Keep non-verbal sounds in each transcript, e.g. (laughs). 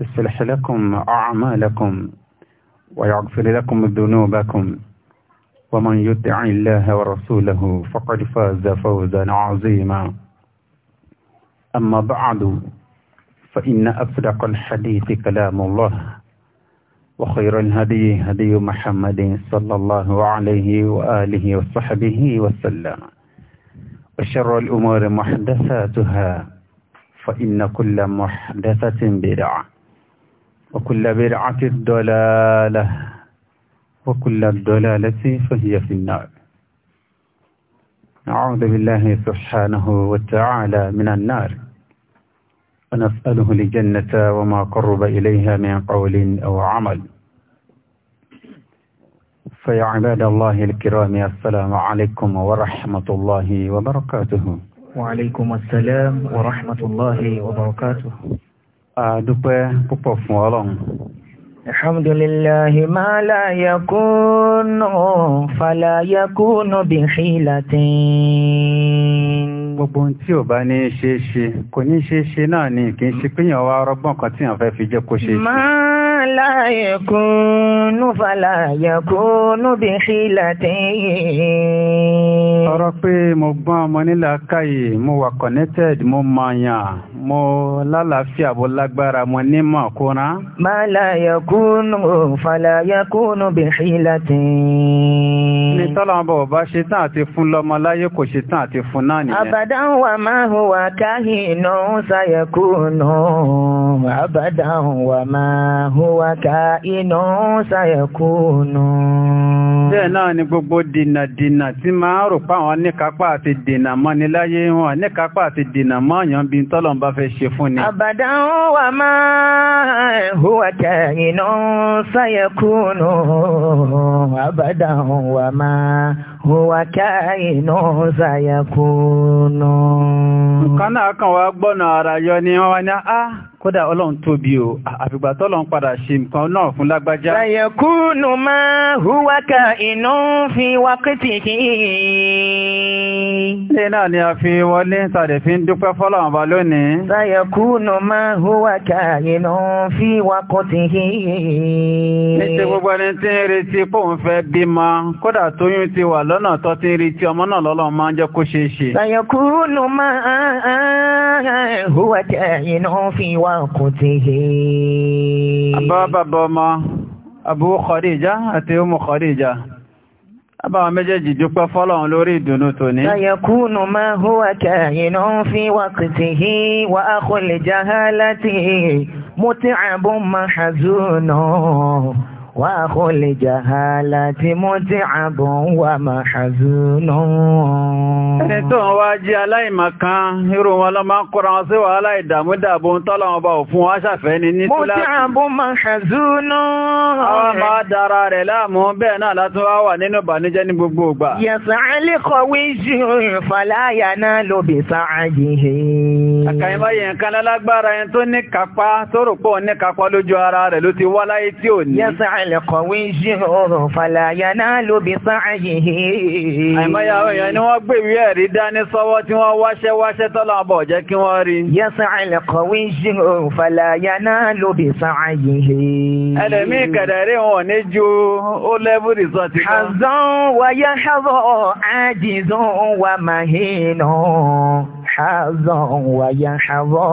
يصلح لكم أعمالكم ويغفر لكم ذنوبكم ومن يطع الله ورسوله فقد فاز فوزا عظيما أما بعد فإن أصدق الحديث كلام الله وخير الهدي هدي محمد صلى الله عليه وآله وصحبه وسلم وشر الأمور محدثاتها فإن كل محدثة بدعة وكل برعة الضلالة وكل الضلالة فهي في النار نعوذ بالله سبحانه وتعالى من النار ونسأله لجنة وما قرب إليها من قول أو عمل فيا عباد الله الكرام السلام عليكم ورحمة الله وبركاته وعليكم السلام ورحمة الله وبركاته àdúpẹ́ púpọ̀ fún ọlọ́run alhamdulillahi ma la yakunu fala yakunu bi hilatin gbogbo tí ò bá ní ṣe ṣe kò ní ṣe ṣe náà ni kì í ṣe pínyàn wa rọgbọ́n kan tí yàn fẹ́ fi jẹ́ kó ṣe ṣe لا يكون فلا يكون بخيلة ọ̀rọ̀ pé mo gbọ́n ọmọ nílà káyè mo wà connected mo mọ̀yàn mo lálàáfíà bó lágbára mo nímọ̀ kóra. ما لا يكون فلا يكون بخيلة ní tọ́lọ́mọba ò bá ṣe tán àti fún lọ́mọ láyé kò ṣe tán àti fún náà nìyẹn. àbàdàn wà máa hùn wà káhì iná ń ṣàyẹ̀kú nù. àbàdàn wà máa hùn wà ká iná ń ṣàyẹ̀kú nù. bẹ́ẹ̀ náà ni gbogbo dìnà dìnà tí máa ń rò páwọn níkápá àti dìnà mọ́ni láyé wọn níkápá àti dìnà mọ́ọ̀yàn bíi tọ́lọ́mọba fẹ́ ṣe fún ni. àbàdàn wà máa hùn wà ká iná ń máa huwa káyínú sayakúnú. nǹkan náà kan wá gbọ́nà ara yọ ni wọ́n wá ní á kódà ọlọ́run tóbi o àfìgbà tọ́lọ́run padà ṣe nǹkan náà fún lágbájá. sayakúnú máa huwa káyínú fi wákìtì kí. ilé náà ni a fi wọlé sàdé fi ń dúpẹ́ fọ́lọ́run bá lónìí. sayakúnú máa huwa káyínú fi wákìtì kí. ní ti gbogbo ẹni tí ń retí pòun fẹ́ bímọ kódà tóyún ti wà lọ́nà tó ti ń rí tí ọmọ náà lọ́lọ́run máa ń jẹ́ kó ṣeé ṣe. sàyẹ̀kúrú máa hùwà jẹ́ iná fi wá kò ti ṣe. àbábàbà ọmọ Abu Khadija àti Umu Khadija Abáwọn méjèèjì dúpẹ́ fọ́lọ̀un lórí ìdùnnú tòní. Ṣayẹ̀kúnù máa húwà kàyìnà ń fi wà kìtì hí wà ákò lè jáhá láti mú tí àbún máa hàzú náà. وأخو الجهالة متعب ومحزون ẹni tó ń wá jí aláìmọ̀kan irú wọn lọ máa ń kóra wọn sí wàhálà ìdàmúdàbò ń tọ́lọ̀ wọn òfin wọn ṣàfẹ́ ni ní túlá. متعب ومحزون. àwọn máa dára rẹ̀ láàmú bẹ́ẹ̀ náà látún wá wà nínú ìbànújẹ́ ní gbogbo ìgbà. يسعى القوي فلا ينال بسعيه. àkàyìnbá yẹn kan lálágbára ẹni tó ní kápá tó rò pọ̀ ní kápá lójú ara rẹ̀ ló ti wá láyé tí ò ní. يسعى القوي الجهر فلا ينال بسعيه àìmọ́yà àwọn èèyàn ni wọ́n gbé ìwé ẹ̀rí dání sọ́wọ́ tí wọ́n wáṣẹ́ القوي الجهر فلا ينال بسعيه. ẹlẹ́mìí kẹ̀dẹ̀rí wọn ò ní حظا ويحظى عاجز ومهين حظا ويحظى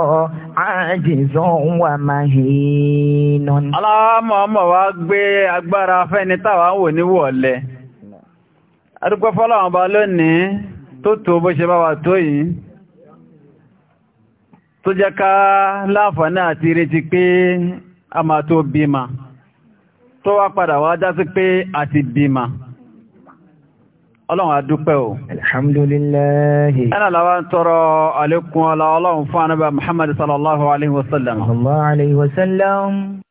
عاجز ومهين. aláwọ̀ mọ̀ agbára fẹ́ni táwà wò ní wọ̀lẹ̀ adúpẹ́ fọ́lọ́wọ́n bá lónìí tó tó bó ṣe bá wà tó yìí tó jẹ́ ká láǹfààní àti retí pé a máa tó bímá tó wá padà wá já sí pé a ti bímá ọlọ́run adúpẹ́ o alhamdulillahi ẹnà làwá ń tọrọ àlékún ọlá ọlọ́run fún anábà muhammad sallallahu alaihi wasallam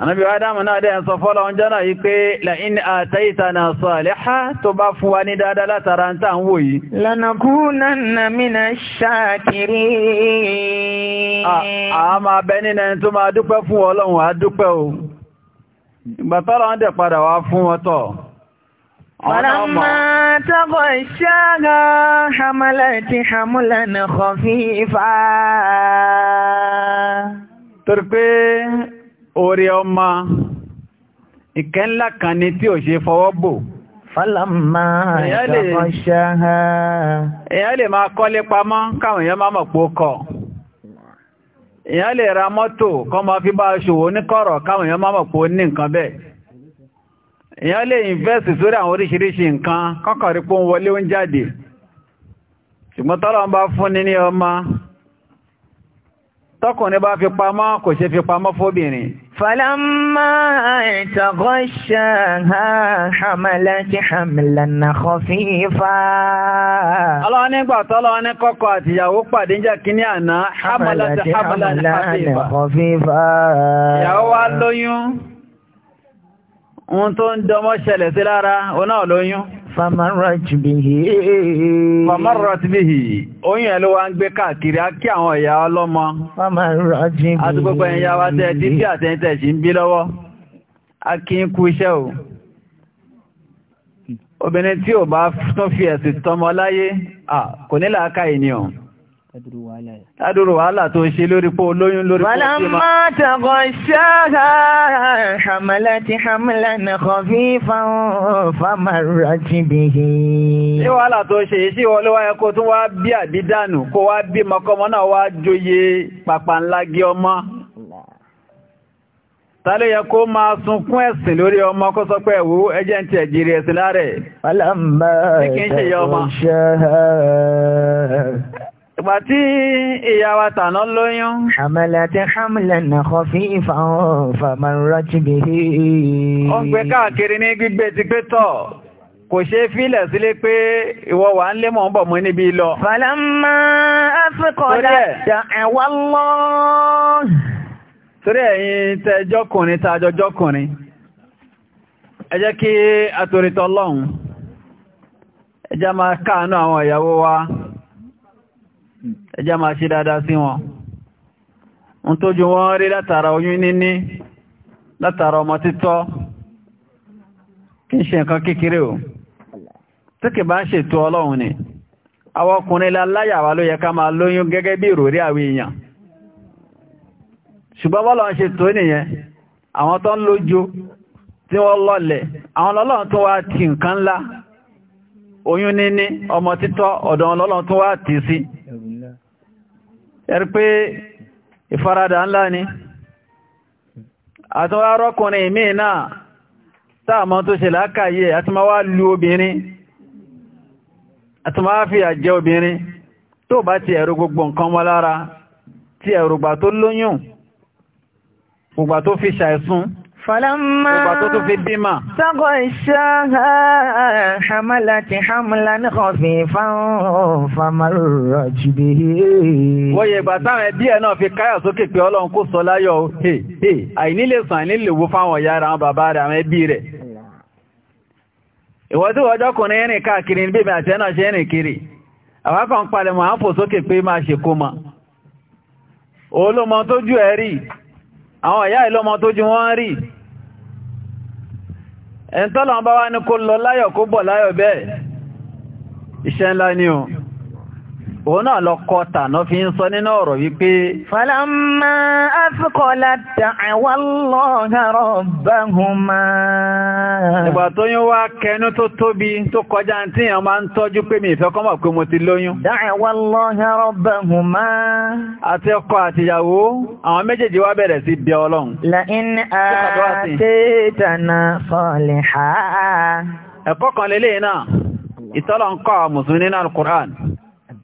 ànábí Ádámù náà dẹ̀ sọ fọ́lọ̀ oúnjẹ náà yí pé la'in àtàítànà saliha tó bá fún wa ní dáadáa látara ń tàn wò yìí. lanakunanna mina shakirin. a máa bẹ nínú ẹni tó máa dúpẹ́ fún ọlọ́run a dúpẹ́ o ìgbàtọ́rọ̀ ń dẹ̀ padà wá fún orí ọmọ ìkẹ́ ńlá kan ni tí ò ṣe fọwọ́ bò fọ́lọ́mà ìjọmọ́ṣẹ́ ha èyàn lè máa kọ́lé pamọ́ káwọn èyàn máa mọ̀ kọ èyàn lè ra mọ́tò kọ́ máa fi bá ṣòwò níkọ̀rọ̀ káwọn máa mọ̀ ní nǹkan bẹ́ẹ̀ èyàn lè invest sórí àwọn oríṣiríṣi nǹkan kọ́kọ̀rí pó ń wọlé ṣùgbọ́n tọ́lọ́ tọkùnrin bá fi pamọ́ kò ṣe fi pamọ́ fóbìnrin. falamma taghashaha hamalat hamlan khafifa. ọlọ́wọ́ nígbà tọ́lọ́wọ́ ní kọ́kọ́ àtìyàwó pàdé ń jẹ́ kíní àná hamalat hamlan khafifa. ìyàwó wa lóyún ohun tó ń dọmọ́ ṣẹlẹ̀ sí lára oná olóyún famarrat bihi famarrat bihi oyún ẹ̀ ló wá ń gbé káàkiri á kí àwọn ìyá ọlọ́mọ famarrat bihi àtúgbogbo ẹ̀yà wa tẹ́ tí bí àtẹ́ntẹ́ sí ń bí lọ́wọ́ á kí Ládúrú wàhálà tó ṣe lórí pó olóyún lórí pó tí ma. Wàlámá tàbọ̀ ṣáà hàmàlá ti hàmàlá na kọfí fàmàrà jí bèèrè. Ṣé wàhálà tó ṣe sí olówá ẹkọ tó wá bí àbídànù kó wá bí mọ́kọmọ́ náà wá jóye pàpà ńlá gé ọmọ. Tálẹ́ yẹ kó máa sunkún ẹ̀sìn lórí ọmọ kó sọ pé ẹ̀wú ẹjẹ́ ń ti ẹ̀jìrì ẹ̀sìn láàrẹ̀. Wàlámá tàbọ̀ ṣáà ìgbà tí ìyàwó tàná lóyún. hamalati hamlan khafifan famarrat bihi. ó ń gbé káàkiri ní gbígbé ti pé tọ̀ kò ṣe fílẹ̀ sílé pé ìwọ wà ń lé mọ̀ ń bọ̀ mọ́ níbi lọ. falamma afqala Allah. torí ẹ̀yin tẹ́ jọ́kùnrin tá a jọ jọ́kùnrin máa káàánú àwọn ìyàwó wa. ẹjá máa ṣe dáadáa sí wọn ń tójú wọn rí látara oyún níní látara ọmọ títọ́ kí n ṣe nǹkan kékeré o tókè bá ń ṣètò ọlọ́run ni awọkùnrin láláyàwá ló yẹ ká máa lóyún gẹ́gẹ́ bí ìròrí àwọn èèyàn ṣùgbọ́n bọ́lọ̀ ń ṣètò nìyẹn àwọn tó ń lójú tí wọ́n lọ́lẹ̀ àwọn ọlọ́run tó wá ti ẹ̀rí pé ìfaradà ńlá ni àtúnwà rọ́kùnrin ìmí náà sáàmọ́ tó ṣe lákàáyé àtúnmáwá lu obìnrin àtúnmáwá fi àjẹ́ obìnrin tó bá ti ẹ̀rù gbogbo nǹkan wọ́n lára ti ẹ̀rùgbà tó lóyún gbogbo tó fi ṣàìsùn Fọlọ́mọ́. Ìgbà tó Sọ́kọ̀ ìṣọ́ha hamala ti hamala ní ọ̀fìn fáwọn famarọ̀ jìbì. Wọ́n yẹ ìgbà táwọn ẹbí ẹ̀ náà fi káyà sókè pé Ọlọ́run kó sọ láyọ̀ o. Àìní lè sàn àìní lè wo fáwọn ọ̀yá àwọn bàbá rẹ̀ àwọn ẹbí rẹ̀. Ìwọ́n tí wọ́n ẹ̀rìn káàkiri ní bèbè àti ẹ̀nà ṣe ẹ̀rìn kiri. Àwọn kan palẹ̀ mọ́ à ń fò sókè pé máa ṣèkó mọ́. Òun ló mọ ẹ̀ rí. Àwọn ìyá ìlọ́mọ tójú wọ́n rí ẹ̀ntọ́lọ̀ bá wá ní kó lọ láyọ̀ kó bọ̀ láyọ̀ bẹ́ẹ̀ iṣẹ́ ńlá ni o òun náà kota no tànà fi ń sọ nínú ọ̀rọ̀ wípé falamma athqalat da'wa Allaha rabbahuma nígbà tó yún wá kẹnu tó tóbi tó kọjá tí èèyàn máa ń tọ́jú pé mi ìfẹ́ kọ́ mọ̀ pé mo ti lóyún da'wa Allaha rabbahuma àti ọkọ àtìyàwó àwọn méjèèjì wá bẹ̀rẹ̀ sí bí ọlọ́run la in ataytana saliha ẹ̀kọ́ kan lélẹ́yìn náà ìtọ́lọ̀ àmùsùn nínú al-Qur'an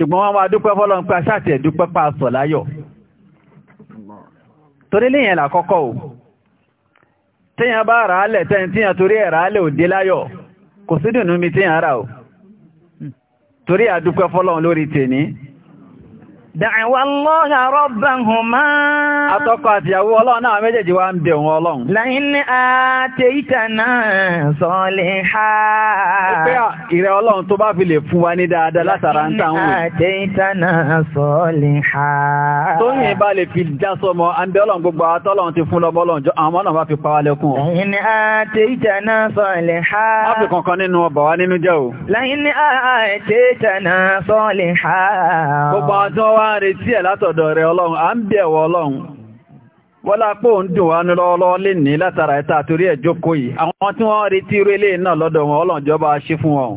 ṣùgbọ́n wọ́n máa dúpẹ́ fọ́lọ́n pé aṣáàtì ẹ̀dúpẹ́ pàṣọ láyọ̀ torí léyìn làkọ́kọ́ o tíyàn bá rà á lẹ̀ tẹ́yìn tíyàn torí ẹ̀ rà á lẹ̀ òdé láyọ̀ kò sí dùnú mi tíyàn rà o torí àdúpẹ́ fọ́lọ́n lórí tèní Dàíwà Allọ́ha rọ́bàhùnmá. Àtọ́kọ̀ àti ìyàwó ọlọ́run náà méjèèjì wá ń bẹ̀ wọn ọlọ́run. Láyín ní àtẹ ìtà náà sọ́lẹ̀ ha. Ó pé ìrẹ ọlọ́run tó bá fi lè fún wa ní dáadáa látara ń tàn wù. Láyín ní àtẹ ìtà náà sọ́lẹ̀ ha. Tóyìn bá lè fi ha wá ń retí ẹ̀ látọ̀dọ̀ rẹ̀ ọlọ́run à ń bí ẹ̀wọ̀ ọlọ́run wọ́lá pò ń dùn wá ní lè ní látara ẹ̀ta àtorí ẹ̀ jókòó yìí àwọn tí wọ́n retí irú náà lọ́dọ̀ wọn ọlọ́run jọba ṣe fún wọn.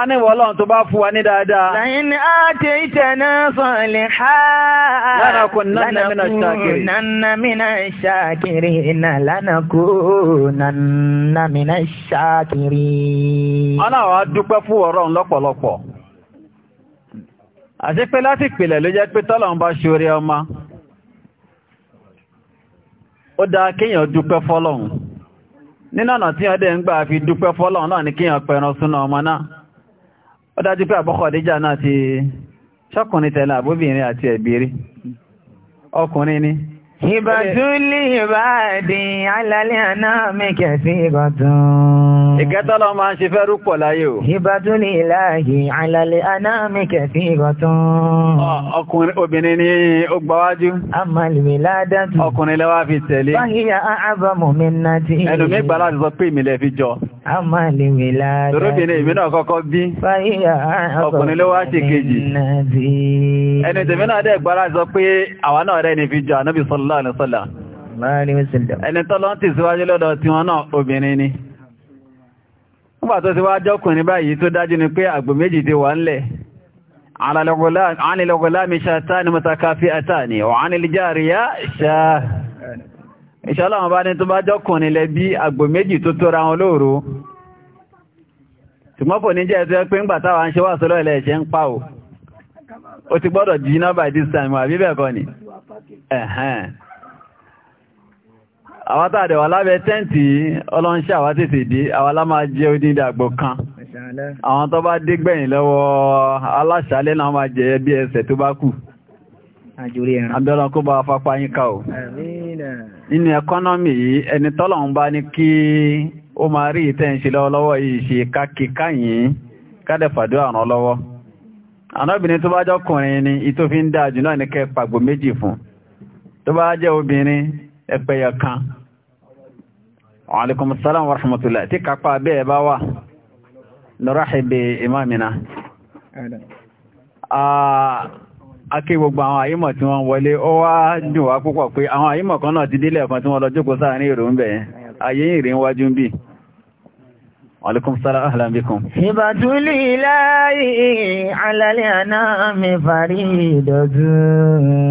a ní wọ́lọ́n tó bá fún wa ní dáadáa. Lẹ́yìn àti ìtẹ̀nà sọ̀lẹ̀ ha. Lánàá kò nánà mìíràn ṣàkiri. Lánàá kò nánà ṣàkiri. Ọlọ́run á dúpẹ́ fún ọ̀rọ̀ lọ́pọ̀lọpọ̀. àti pé láti pèlẹ̀ ló jẹ́ pé tọ́lọ̀n bá ṣorí ọmọ ó dáa kíyàn dúpẹ́ fọ́lọ̀hun nínú ọ̀nà tí ọdẹ́ ń gbà fi dúpẹ́ fọ́lọ̀hun náà ní kíyàn pẹran Ìbàtúlì ìbáàdì alálẹ́ àná mẹ́kẹ̀ sí ìbàtún. Ìkẹtọ́lọ máa ń ṣe fẹ́ rúpọ̀ láyé o. Ìbàtúlì ìláàyè alálẹ́ àná mẹ́kẹ̀ sí ìbàtún. Ọkùnrin obìnrin ni ó gbáwájú. A máa lè ládàtù. Ọkùnrin lẹ́wà fi tẹ̀lé. Báyíyà àbámọ̀ mi náà ti. Ẹnu mi gbà láti sọ pé ìmìlẹ̀ fi jọ. A máa lè wè ládàtù. Torobìnrin ìmì náà kọ́kọ́ ni fi jọ ànábì sọ́lá sallallahu alaihi wasallam ẹni tọ́lọ́ ń tẹ̀síwájú lọ́dọ̀ tí wọ́n náà obìnrin ni nígbà tó ti wá jọ́kùnrin báyìí tó dájú ni pé àgbò méjì ti wà ńlẹ̀ alìlọ́gọ́lámi ṣàtà ni mọ́tàkáfí àtà ni ọ̀hánilìjáàríyá ṣá ìṣọ́lá wọn bá ní tó bá jọ́kùnrin lẹ́bí àgbò méjì tó tóra wọn lóòrò tùmọ́pò ní jẹ́ ẹ̀tọ́ pé ń gbà táwà ń ṣe wà sọ́lọ́ ilẹ̀ ẹ̀ṣẹ́ ń pàwò ó ti gbọ́dọ̀ jí náà by this time àbí bẹ́ẹ̀ kọ́ ni ẹ̀hẹ́n àwọn tààdẹ̀ wà lábẹ́ tẹ́ǹtì ọlọ́nṣẹ́ àwá tètè dé àwa la máa jẹ odíndà àgbò kan àwọn tó bá dé gbẹ̀yìn lọ́wọ́ aláṣàálẹ́ náà máa jẹ bí ẹsẹ̀ tó bá kù àbẹ́ràn kó bá fapá yín ká o nínú ẹkọ́nọ́mì yìí ẹni tọ́lọ̀ ń bá ní kí ó máa rí ìtẹ́ ń ṣe lọ́wọ́lọ́wọ́ yìí ṣe kákíká ni itofi dáa jù náà ní kẹ́ fún tó bá jẹ́ obìnrin ẹgbẹ̀yà kan alaikum salam wa rahmatullahi tí kápá bẹ́ẹ̀ bá wà nọ́ráhìbì imamina akí gbogbo àwọn àyímọ̀ tí wọ́n wọlé ó wá dùn wá púpọ̀ pé àwọn àyímọ̀ kan náà ti délẹ̀ kan tí wọ́n lọ jókòó sáà ní ìròyìn bẹ̀yẹn ayé ìrìn wájú bíi Wàlékún sára ahlan bikum. Ìbàdúlì láàrí alálẹ́ àná mi fàrí ìdọ̀dú.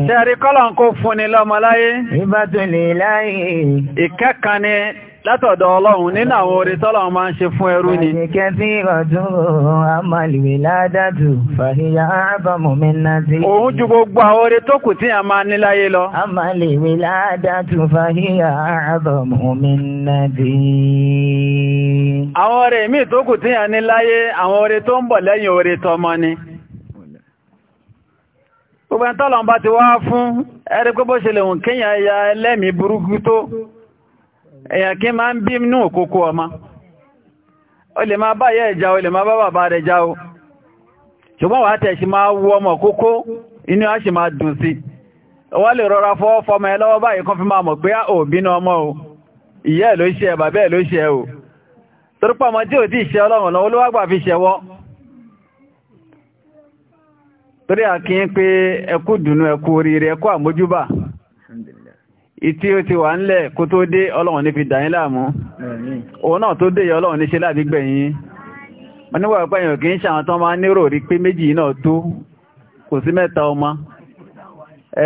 Ṣẹ́rí kọ́lọ̀ ń kó fún ni lọ́mọ láyé. Ìbàdúlì láàrí. Ìkẹ́kànnì látọ̀dọ̀ ọlọ́run nínú àwọn orí tọ́lọ̀ máa ń ṣe fún ẹrú ni. Àyíkẹ́ tí ọdún àmàlìwé ládàtù fàhíyà àbámọ̀ mẹ́nà tí. Òun ju gbogbo àwọn orí tó kù tí a máa ní láyé lọ. Àmàlìwé ládàtù fàhíyà àbámọ̀ mẹ́nà tí. Àwọn orí míì tó kù tí a ní láyé àwọn orí tó ń bọ̀ lẹ́yìn orí tọmọ ni. Gbogbo ẹ̀ntọ́lọ̀ èyàn kí máa ń bí inú òkókó ọmọ o lè máa báyẹ̀ ìjà o lè máa bá bàbá rẹ̀ já o ṣùgbọ́n wà tẹ̀ ọmọ kókó inú a ṣe máa dùn sí lè rọra fọ́ fọmọ ẹ lọ́wọ́ báyìí kan fi máa mọ̀ pé ọmọ o Iye ló o ọmọ tí ò tí ìṣẹ́ ọlọ́run ìtí ó ti wà ńlẹ̀ kó tó dé ọlọ́run ní fi dà yín láàmú òun náà tó dé ọlọ́run ní ṣe láti gbẹ̀yìn wọn níwọ̀ ẹ̀pẹ́ èèyàn kì í ṣàwọn tán máa nírò rí pé méjì náà tó kò sí mẹ́ta ọmọ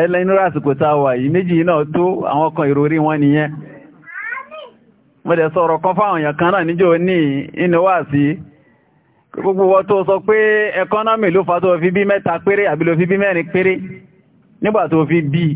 ẹlẹ́nu àsìkò tá a wà yìí méjì náà tó àwọn kan ìròrí wọn nìyẹn mo fi bí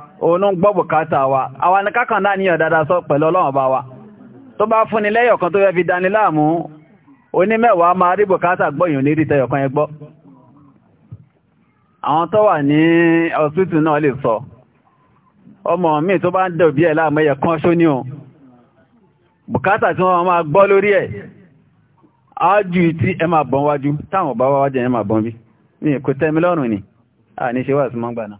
òun ń gbọ́ bùkátà wa àwa ní kákàn náà níyàn dáadáa sọ pẹ̀lú ọlọ́run bá wa tó bá fúnni lẹ́yọ̀ kan tó fẹ́ fi dání láàmú onímẹ̀wàá máa rí bùkátà gbọ́yìn ní rítẹ̀ ọ̀kan ẹgbọ́ àwọn tó wà ní ọ̀sítù náà lè sọ ọmọ mi tó bá ń dẹ̀ ẹ̀ láàmú kan ṣó ní o bùkátà tí wọ́n máa gbọ́ lórí ẹ̀ ájú tí ẹ máa bọ́n wájú táwọn bá wájú ẹ máa bọ́n bí ní kò tẹ́mi lọ́rùn ni a ní ṣe wà sí mọ́gbà náà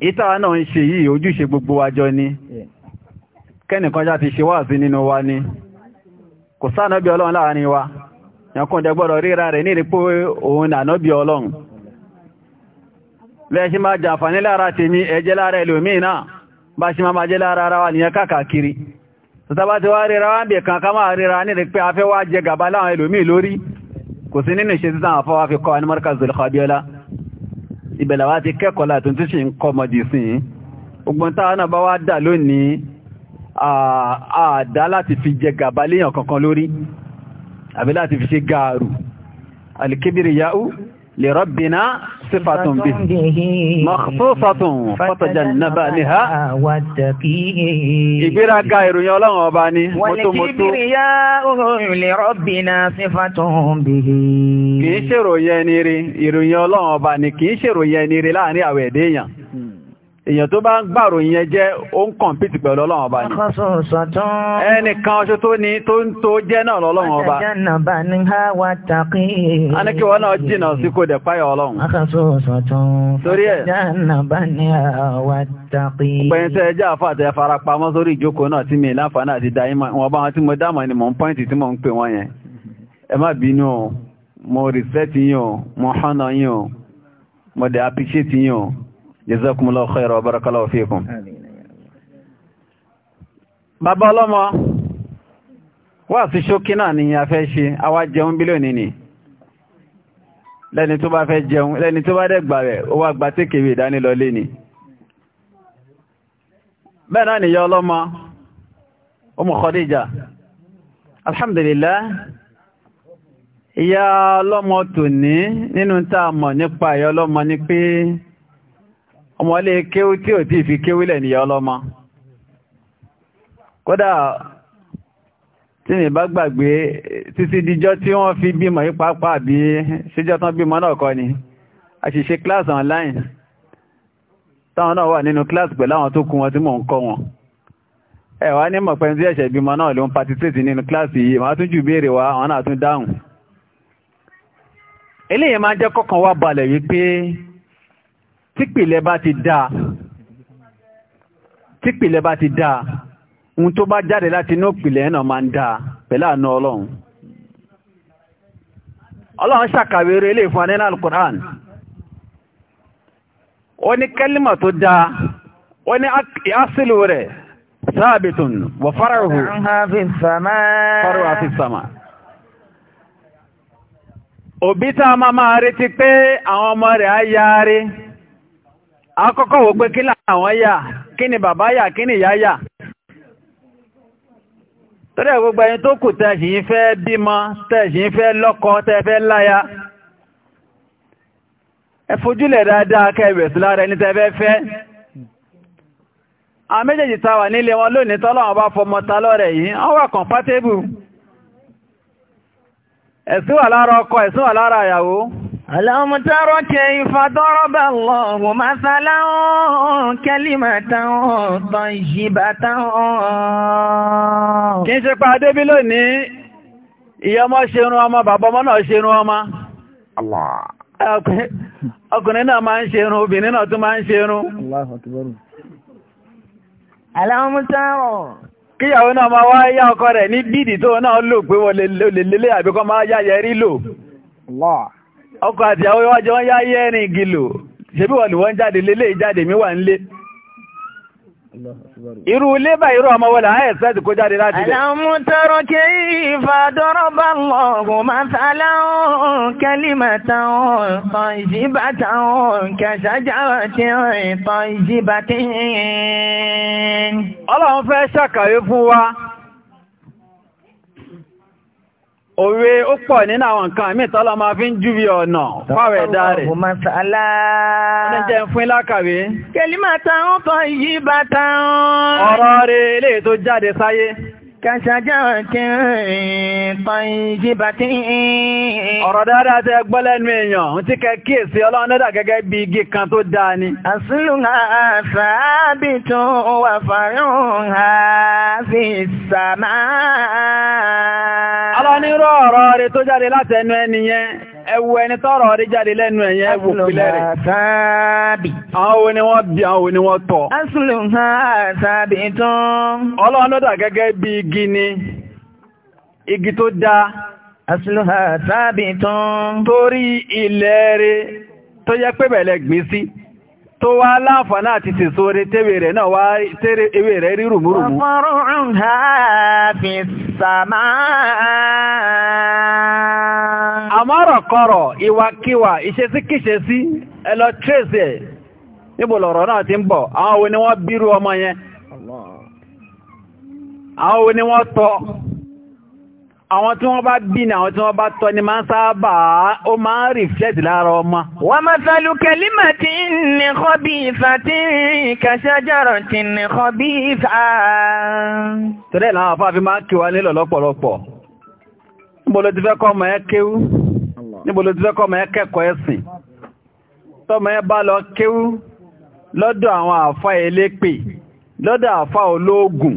ìtàwà náà ń ṣe yìí ojúṣe gbogbo wájọ́ ní kẹ́nìkan já ti ṣe wà sí nínú wa ní kò sáànàbí ọlọ́run láàrin wa yankun dẹgbọ́rọ̀ ríra rẹ̀ ní ìrìpó òun ànábí ọlọ́run lẹ́ṣí máa jàǹfàní lára tèmi ẹjẹ́ lára ẹlòmíì náà bá ṣe máa jẹ́ lára ara wa nìyẹn káàkiri tọ́tàbá ti wá ríra wá ń bè kan ká máa ríra ní ìrìpé afẹ́ jẹ gàbá láwọn ẹlòmíì lórí kò sí nínú ìṣesí sáwọn afọ́wá fi kọ́ animarka zulkhabiola ìbẹ̀lẹ̀ wa ti kẹ́kọ̀ọ́ láti tí sì ń kọ́ ọmọdé sí i ogun táwọn náà bá wá dà lónìí àdá láti fi jẹ gàba léèyàn kankan lórí àbí láti fi ṣe gààrù alìkébìrì yahoo لربنا صفة به مخصوصة فتجنب لها والتقي إبرا كايرو يولا وباني والكبرياء لربنا صفة به kìí ṣèròyẹ nìrí ìròyìn ọlọ́run ọba ni kìí ṣèròyẹ èèyàn tó bá ń gbàrò yẹn jẹ́ ó ń kọ̀mpìtì pẹ̀lú ọlọ́run ọba ni. ẹnìkan ọṣọ tó ní tó ń tó jẹ́ náà lọ́lọ́run ọba. a kí wọ́n náà jìnnà sí kò dẹ̀ páyọ̀ ọlọ́run. torí ẹ̀ pẹ̀yìn tẹ́ ẹjẹ́ o mo jazakumullahu khairan wa barakallahu fikum bàbá ọlọ́mọ wà sí ṣókí náà ni a fẹ́ ṣe àwa jẹun bílíọ̀nì ni lẹ́ni tó bá fẹ́ jẹun lẹ́ni tó bá dẹ̀gbà rẹ̀ ó wá gba tékèwé ìdánilọ́lé ni bẹ́ẹ̀ náà nìyá ọlọ́mọ ọmọ Khadija alhamdulillah ìyá ọlọ́mọ tòní nínú tá a mọ̀ nípa ìyá ọlọ́mọ ni pé ọmọlé kéwú tí ò tí fi kéwú lẹ̀ níyà ọlọ́mọ kódà tí ní bá gbàgbé títí díjọ́ tí wọ́n fi bímọ yí pápá àbí síjọ́ tán bímọ náà kọ́ ni a sì ṣe class online táwọn náà wà nínú class pẹ̀lú àwọn tó kún wọn tí mò ń kọ́ wọn ẹ wá ní mọ̀pẹ́ tí ẹ̀ṣẹ̀ ìbímọ náà ló ń participate nínú class yìí màá tún jù béèrè wa àwọn náà tún dáhùn eléyìí máa jẹ́ kọ́kàn wá balẹ̀ wípé típìlẹ̀ bá ti dáa típìlẹ̀ bá ti dáa ohun tó bá jáde láti inú ìpìlẹ̀ náà máa ń dáa pẹ̀lú àánú ọlọ́run ọlọ́run ṣàkàwé eré ilé ìfún anẹ́nà alukur'an ó ní kẹ́límà tó dáa ó ní asìlù rẹ̀ sáàbìtùn wọ farahu farahu àfi sàmà òbí tá a máa máa retí pé àwọn ọmọ rẹ̀ á yáa rí akọ́kọ́ wo pé kí làwọn yà kí ni bàbá yà kí ni ìyá yà torí ẹ̀ gbogbo ẹyin tó kù tẹ̀sí yín fẹ́ bímọ tẹ̀sí yín fẹ́ lọ́kọ tẹ́ fẹ́ ẹ fojúlẹ̀ dáadáa kẹwẹ̀ sí lára ẹni fẹ́ àwọn méjèèjì ta wà nílé wọn lónìí lára ọkọ ẹ̀sìn wà lára ألم تر كيف ضرب الله مثلا كلمة طيبة kí n ṣe pa adébí lónìí ìyá ọmọ ṣerun ọmọ bàbá ọmọ náà ṣerun ọmọ ọkùnrin náà máa ń ṣerun obìnrin náà tún máa ń ṣerun ألم تر kíyàwó náà máa wá yá ọkọ rẹ̀ ní bídì tó náà lò pé wọ́n lè lélẹ̀ àbíkọ́ máa yá yẹrí lò Allah ọkọ àti àwọn iwájọ́ wọ́n yá yẹ́ ẹ̀rin igi lò wọ́n ni wọ́n jáde lélé ìjáde mi wà nílé irú ilé bá irú ọmọ wọlé àyẹ̀ sẹ́ẹ̀tì kó jáde láti rẹ̀. àlàmú tọrọ kí ìfàdọ́rọ̀ bá máa òwe ó pọ̀ nínú àwọn nǹkan àmì ìtọ́lọ máa fi ń júbi ọ̀nà fáwẹ̀ ẹ̀dá rẹ̀. ọ̀rọ̀ rẹ̀ eléyìí tó jáde sáyé kàṣàjáwàtín tọ́yìnjíbàtín. ọ̀rọ̀ dáadáa tẹ gbọ́ lẹ́nu èèyàn ń tí kẹ kíèsí ọlọ́run dẹ́dà gẹ́gẹ́ bí igi kan tó dáa ni. àṣìlùmọ̀ àṣàbì tó wà fàáyùn ha fi sàmà. ọlọ́nirọ̀ ọ̀rọ̀ rẹ̀ tó jáde látẹnu ẹni yẹn ẹwọ ẹni tọrọ rí jáde lẹ́nu ẹ̀yẹn ẹwọ pìlẹ̀ rẹ̀. àwọn ni wọ́n bí àwọn wo ni wọ́n tọ̀. ha sábì tán. ọlọ́run ló dà igi ni igi tó dáa. ha sábì tán. torí ilẹ̀ rẹ̀ tó yẹ pé gbé sí. tó wá láǹfààní àti tèso rẹ tẹ́wẹ̀ rẹ̀ náà wá tẹ́rẹ ewé rẹ̀ rí rùmúrùmú. fi àmọ́rọ̀kọrọ̀ ìwàkiwà ìṣesíkíṣesí ti ń bọ̀ àwọn ni wọ́n bírú ọmọ yẹn àwọn àwọn tí wọ́n bá bí ní àwọn tí wọ́n bá tọ́ ni máa ń sábà ó máa ń rìflẹ́tì lára ọmọ. wa mathalu kalimatin khabifatin ka shajaratin khabifa. tẹ́lẹ̀ làwọn àfáà fi máa ń kí wa nílò lọ́pọ̀lọpọ̀ níbo ló ti fẹ́ kọ́ ọmọ ẹ kéwú níbo ló ti fẹ́ kọ́ ọmọ ẹ kẹ́kọ̀ọ́ ẹ̀sìn tọ́mọ ẹ bá lọ kéwú lọ́dọ̀ àwọn àfáà elépè lọ́dọ̀ àfáà olóògùn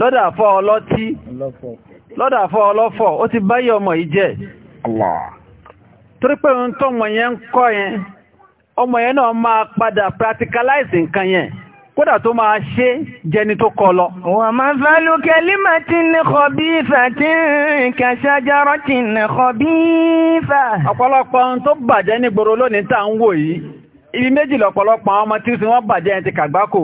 lọ́dà fọ́ ọlọ́tí lọ́dà fọ́ ọlọ́fọ́ ó ti báyé ọmọ yìí jẹ́ torí pé ohun tó mọ̀ yẹn ń kọ́ yẹn ọmọ yẹn náà máa padà practicalize nǹkan yẹn kódà tó máa ṣe jẹni tó kọ lọ. wà máa fẹ́lú kẹlímà tí ní kọbí ìfà tí nǹkan ṣájárọ́ tí ní kọbí ìfà. ọ̀pọ̀lọpọ̀ tó bàjẹ́ ní lónìí tá ń wò yìí ibi méjì àwọn ọmọ tí wọ́n bàjẹ́ yẹn ti kàgbákò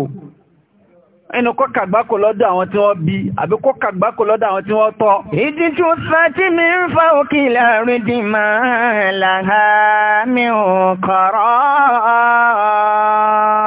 ẹnu kọ́ kàgbákò lọ́dọ̀ àwọn tí wọ́n bí àbí kọ́ kàgbákò lọ́dọ̀ àwọn tí wọ́n tọ́. ìdí tí ó fà tí mi ń fa òkè láàrin dì máa làhá ò kọ̀rọ̀.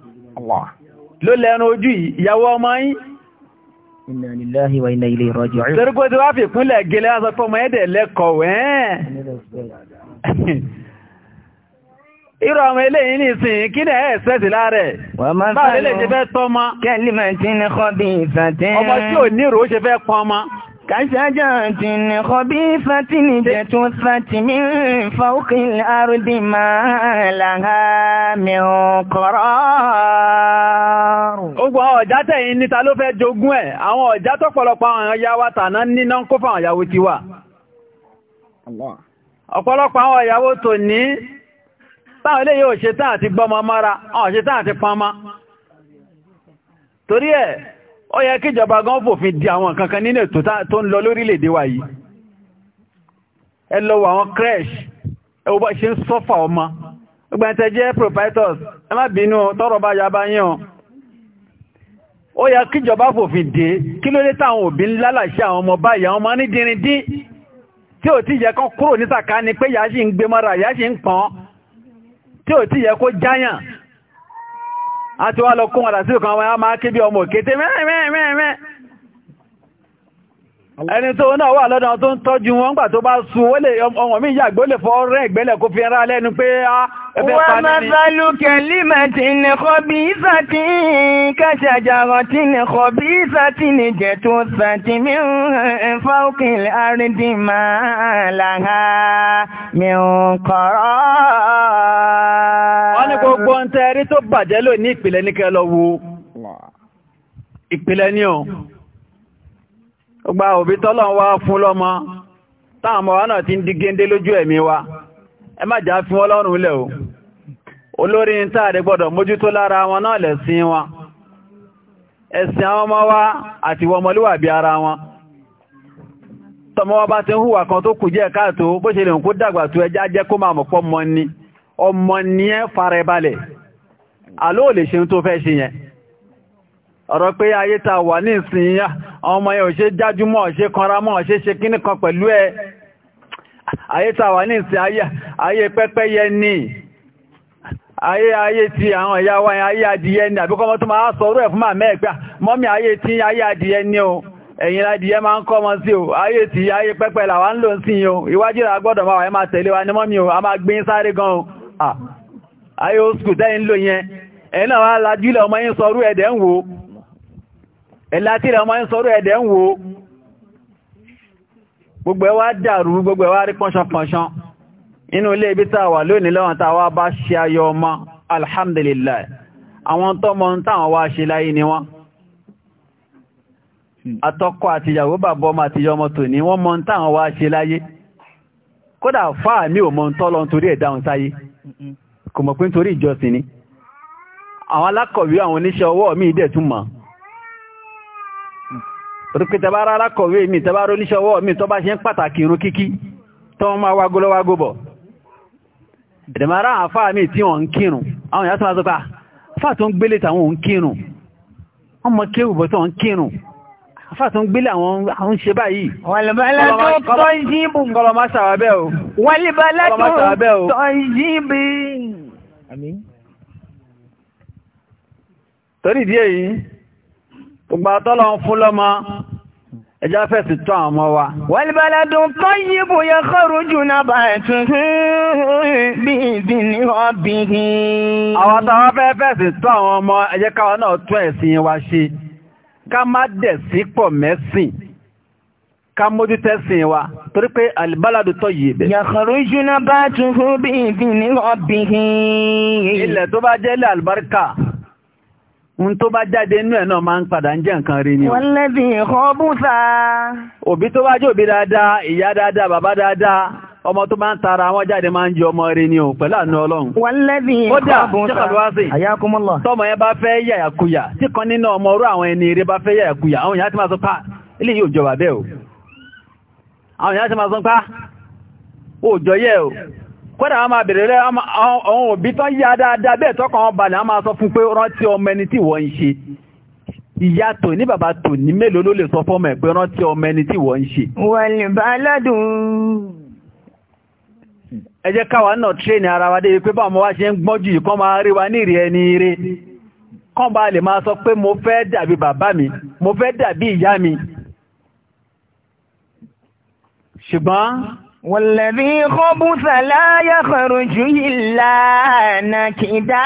ló lẹ́nu ojú ìyàwó ọmọ yín Inna lillahi wa inna ilayhi raji'un. Tẹ́rùkú ti wá fi ìpínlẹ̀ gẹ́lẹ́ aṣọ pé ọmọ ẹ̀dẹ̀ lẹ́kọ̀ọ́ ẹ́n. Irọ́ ọmọ eléyìn ní ìsìn kí كشجرة خبيثة جتثت من فوق الأرض ما لها من قرار Ogun àwọn ọ̀já tẹ̀yìn níta ló fẹ́ jogún ẹ̀, àwọn ọ̀já tó pọ̀lọpọ̀ àwọn ìyá wa tàná níná ń kó fún àwọn ìyàwó tiwa. Ọ̀pọ̀lọpọ̀ àwọn ìyàwó tò ní táwọn ilé yóò ṣe tán àti gbọmọ mára, àwọn ṣe tán àti pamá. Torí ẹ̀, ó yẹ kí ìjọba gan fòfin di àwọn kankan nínú ètò tó ń lọ lórílẹ̀-èdè wa yìí ẹ lọ wọ àwọn creche ẹ wọ́n ṣe ń sọ́fà ọmọ gbogbo ẹ̀ tẹ́ jẹ́ proprietors ẹ má bínú tọ́rọ̀ bá ya bá yàn ó yẹ kí ìjọba fòfin dé kí ló dé táwọn òbí ńlá làṣẹ àwọn ọmọ báyìí àwọn ọmọ ní dìrìndín tí ò tí yẹ kán kúrò ní sàkání pé yàá sì ń gbé mọ́ra yàá sì ń pọ́n tí ò tí yẹ kó jáyàn àti wá lọ kún ọ̀dà sí ìkan àwọn ọmọ akébi ọmọ òkété mẹ́rẹ̀mẹ́rẹ̀ ẹni tó náà wà lọ́dọ̀ tó ń tọ́jú wọn gbà tó bá sun ó lè ọmọ mi yàgbó lè fọ́ rẹ̀ ìgbẹ́lẹ̀ kó fi ẹran lẹ́nu pé á ah, ẹfẹ́ pa ní. wà mọ́sálù kẹlí mẹ́tì ní tí ní kọbí ìsàtì ní jẹ̀tò sàtì mìíràn fáwọkìlẹ̀ àrídì máa làhà mìíràn kọ̀rọ̀. wọ́n ní gbogbo ń tẹ́rí tó bàjẹ́ lò ní ìpìlẹ̀ ní kẹlọ wo ìpìlẹ̀ ní ọgbà òbí tọ́lọ̀ wá fún lọ́mọ táwọn ọmọ wa náà ti ń di géńdé lójú ẹ̀mí wa ẹ má jà fún ọlọ́run lẹ̀ o olórí ń táàrí gbọ́dọ̀ mójútó lára wọn náà lẹ̀sìn wọn ẹ̀sìn àwọn ọmọ wa àti wọn ọmọlúwàbí ara wọn tọmọ wa bá ti ń hùwà kan tó kù jẹ́ káàtó bó ṣe lè kó dàgbà tó ẹjá jẹ́ kó máa mọ̀pọ̀ mọ́ ni ọmọ ni ẹ fara ẹ balẹ̀ àlóò lè ṣe tó fẹ́ ṣe yẹn ọ̀rọ̀ pé ayé ta wà ní ìsinyìí ọmọ yẹn ò ṣe jájúmọ́ ṣe kanramọ́ ṣe ṣe kíní kan pẹ̀lú ẹ ayé ta wà ní ìsìn ayé pẹ́pẹ́yẹ ni ayé ayé ti àwọn ìyá wa yẹn ayé adìyẹ ni àbíkọ́ mọ́ tó máa sọ orú ẹ̀ fún màmá ẹ̀ pé mọ́mí ayé ti ayé adìyẹ ni o ẹ̀yìn adìyẹ máa ń kọ́ ọmọ sí o ayé ti ayé pẹ́pẹ́ làwa ń lò ń sìn o ìwájú ra gbọ́dọ̀ máa wà ẹ̀ máa tẹ̀lé wa ni mọ́mí o a máa gbé sáré gan o ayé oṣù tẹ́yìn lò yẹn ẹ̀yìn náà wá lajú ilẹ̀ ọmọ yín sọ orú ẹ̀dẹ̀ ń wò ó ẹ̀lá tí ìrẹ̀ ọmọ ń sọ́rọ̀ ẹ̀dẹ̀ ń wo gbogbo ẹwà dàrú gbogbo ẹwà rí pọ́nṣanpọ́nṣan inú ilé ibi tàà lónìí lọ́wọ́n tàà bá ṣe ayọ̀ ọmọ alhamdulillah àwọn tọ́mọ ń tàwọn wá ṣe láyé ni wọ́n atọ́kọ àtìyàwó bàbọ́ ọmọ àtìyà mi ò mọ tọ́lọ nítorí ẹ̀ dáhùn ni àwọn alákọ̀wé àwọn oníṣẹ́ ọwọ́ mi dẹ̀ tún mọ̀ torípé tẹbára alákọ̀wé mi tẹbára oníṣọ́wọ́ mi tó bá ṣe ń pàtàkì irun kíkí tó wọ́n máa wágó lọ́wágó bọ̀ ìdẹ̀mára àfáà mi tí wọ́n ń kírun àwọn ìyá sọ́mọ́ sọ́pá àfáà tó ń gbélé tàwọn ń kírun wọ́n mọ kéwù bọ́ fún lọ́mọ ẹjá fẹ̀sì tán àwọn ọmọ wa. wàlìbàládùn kan yìí bò yẹ kọ́rù jù náà bá ẹ̀tún bí ìdí ní ọbí yìí. àwọn táwọn fẹ́ fẹ̀sì tán àwọn ọmọ ẹjẹ́ káwọn náà tún ẹ̀sìn wa ṣe ká má dẹ̀ sí pọ̀ mẹ́sìn ká mójú tẹ́sìn wa torí pé àlìbáládù tọ́ yìí bẹ̀. yàkọ̀rọ̀ ìṣúná bá tún fún bí ìdí ní ọbí yìí. ilẹ̀ tó bá jẹ́lẹ̀ àlùbáríkà ń tó bá jáde inú ẹ̀ náà máa ń padà ń jẹ́ nǹkan rí ni. wọ́n lẹ́bí nǹkan bùn ta. òbí tó bá jòbí dáadáa ìyá dáadáa bàbá dáadáa ọmọ tó máa ń tara àwọn jáde máa ń jẹ ọmọ rí ni o pẹ̀lú àánú ọlọ́run. wọ́n lẹ́bí nǹkan bùn ta. tọmọ yẹn bá fẹ́ yàyàkuyà tí kan nínú ọmọ orú àwọn ẹni eré bá fẹ́ yàyàkuyà àwọn èèyàn ti máa sọ pa ah, ilé yóò jọba bẹ́ẹ̀ o àwọn èèyàn ti máa sọ pa ah, o kódà a máa bèèrè àwọn òbí tán yá dáadáa bẹ́ẹ̀ tọ́kàn balẹ̀ a máa sọ fún pé rántí ọmọ ẹni tí wọ́n ń ṣe ìyá tò ní bàbá tò ní mélòó ló lè sọ fọ́mọ ẹ̀ pé rántí ọmọ ẹni tí wọ́n ń ṣe. wọ́n káwa náà tírẹ́nì ara wa débi pé báwọn ọmọ wa ṣe ń gbọ́n jù yìí kán máa rí wa ní ìrì ẹni ire kán bá lè máa sọ pé mo fẹ́ dàbí bàbá mi mo fẹ́ dàbí ìyá mi ṣùgbọ́n والذي خبث لا يخرج إلا نكدا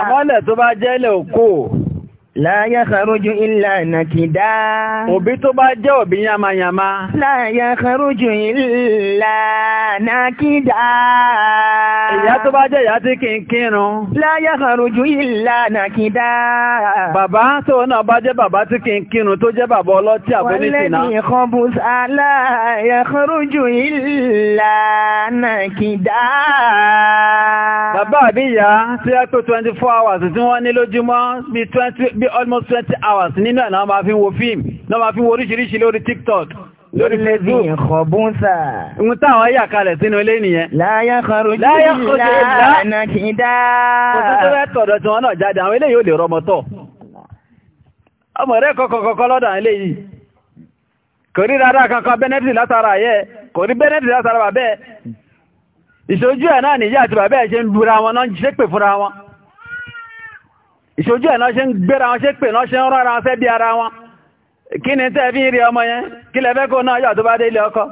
àmọ́lẹ̀ tó bá jẹ́lẹ̀ Láyé kàrójú ilá nàkìdá. Òbí tó bá jẹ́ òbí yamayama. Láyé kàrójú ilá nàkìdá. Ìyá tó bá jẹ́ ìyá tí kì ń kírun. Láyé kàrójú ilá nàkìdá. Bàbá tó náà bá jẹ́ bàbá tí kì ń kírun tó jẹ́ bàbá ọlọ́tí àbónítìná. Wọ́n hours tí wọ́n ní lójúmọ́ bí bí almost 20 hours nínú ẹ̀ náà máa fi wo fíìmù náà máa fi wo oríṣiríṣi lórí TikTok lórí Facebook. Ìkọ̀bùnsà. Ìwọ̀n táwọn ayà kalẹ̀ sínú ilé nìyẹn. Láyá kọrùjú ìlànà kìí dáa. Kò tó tó rẹ̀ tọ̀dọ̀ tí wọ́n náà jáde, àwọn ilé yóò lè rọmọ tọ̀. Ọmọ rẹ̀ kọ̀kọ̀kọ̀ lọ́dọ̀ àwọn ilé yìí. Kò rí rárá kankan bẹ́nẹ́tì látara ayẹ́, kò rí bẹ́nẹ́tì látara bàbẹ́. Ìṣojú ẹ̀ náà nìyá àti bàbẹ́ ṣe ń dúra wọn náà ń ṣépè fúnra wọn ìṣojú ẹ̀ náà ṣe ń gbéra wọn ṣe pè náà ṣe ń rán ara wọn fẹ́ bí ara wọn kí ni tẹ́ fi ń rí ọmọ yẹn kí lẹ́fẹ́ kó náà yà tó bá dé ilé ọkọ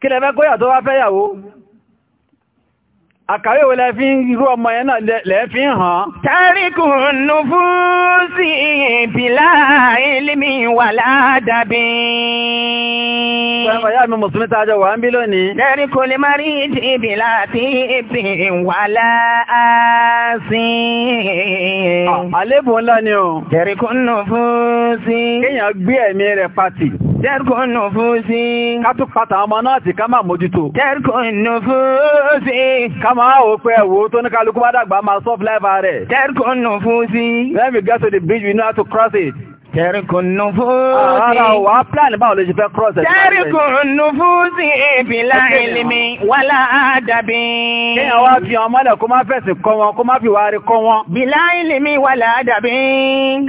kí lẹ́fẹ́ kó yà tó bá fẹ́ yàwó Àkàwé wo lẹ fi ń irú ọmọ yẹn náà lẹ fi ń hàn. Tàríkù nù fún sí ìbílá ilimi wà ládàbí. Ṣẹ́mọ̀ yá mi Mùsùlùmí tàjọ wà ń bí lónìí. Tàríkù lè má rí ti ìbílá tí ìbí wà láàásí. Ah, Àlébùn ńlá ni o. Tàríkù nù fún sí. Kéèyàn gbé ẹ̀mí rẹ̀ pátì. Tẹ́rkùn nùfúsí. Ká tún pàtà ọmọ náà ti ká máa mójútó. Tẹ́rkùn nùfúsí. Ká máa wò pé ẹ̀wò tó ní kálukú bá dàgbà máa sọ́fù láìfà rẹ̀. Tẹ́rkùn nùfúsí. When we get to the bridge, we know how to cross it. Tẹ́ríkùn nùfúsí. Ara ah, wà á pláàni báwọn ló ṣe fẹ́ cross ẹ̀sìn. Tẹ́ríkùn nùfúsí èbì láìlìmí wà láàdàbí. Kíyàn wá fi ọmọ lẹ̀ kó má fẹ̀sìn kọ́ wọn, kó má fi wárí kọ́ wọn. Bì láìlìmí wà láàdàbí.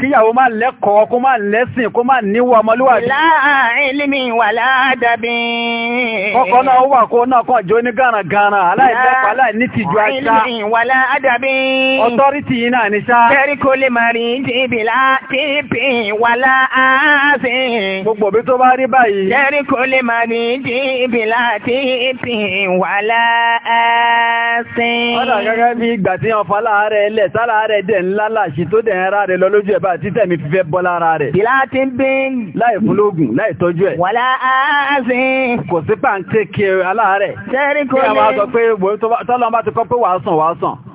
Kíyàwó má lẹ́kọ̀ọ́, kó má lẹ́sìn, kó má níwọ̀ ọmọlúwàbí. Láìlìmí wà láàdàbí. Kọ́kọ́ náà wà kó náà kàn jó ní wàlá ààfin. Gbogbo bí tó bá rí báyìí. Jẹ́rí kò lè máa ní jíìbì láti ti wàlá ààfin. Ọ̀dà gẹ́gẹ́ bí ìgbà tí wọ́n fa láàárẹ̀ lẹ̀ sáláàárẹ̀ dẹ̀ ńlá láṣì tó dẹ̀ ń rárẹ̀ lọ lójú ẹ̀ bá títẹ̀ mi fífẹ́ bọ́ lára rẹ̀. Bí láti bín. Láì fún lóògùn, láì tọ́jú ẹ̀. Wàlá ààfin. Kò sí pàǹtí aláàárẹ̀. Jẹ́rí kò lè. Kí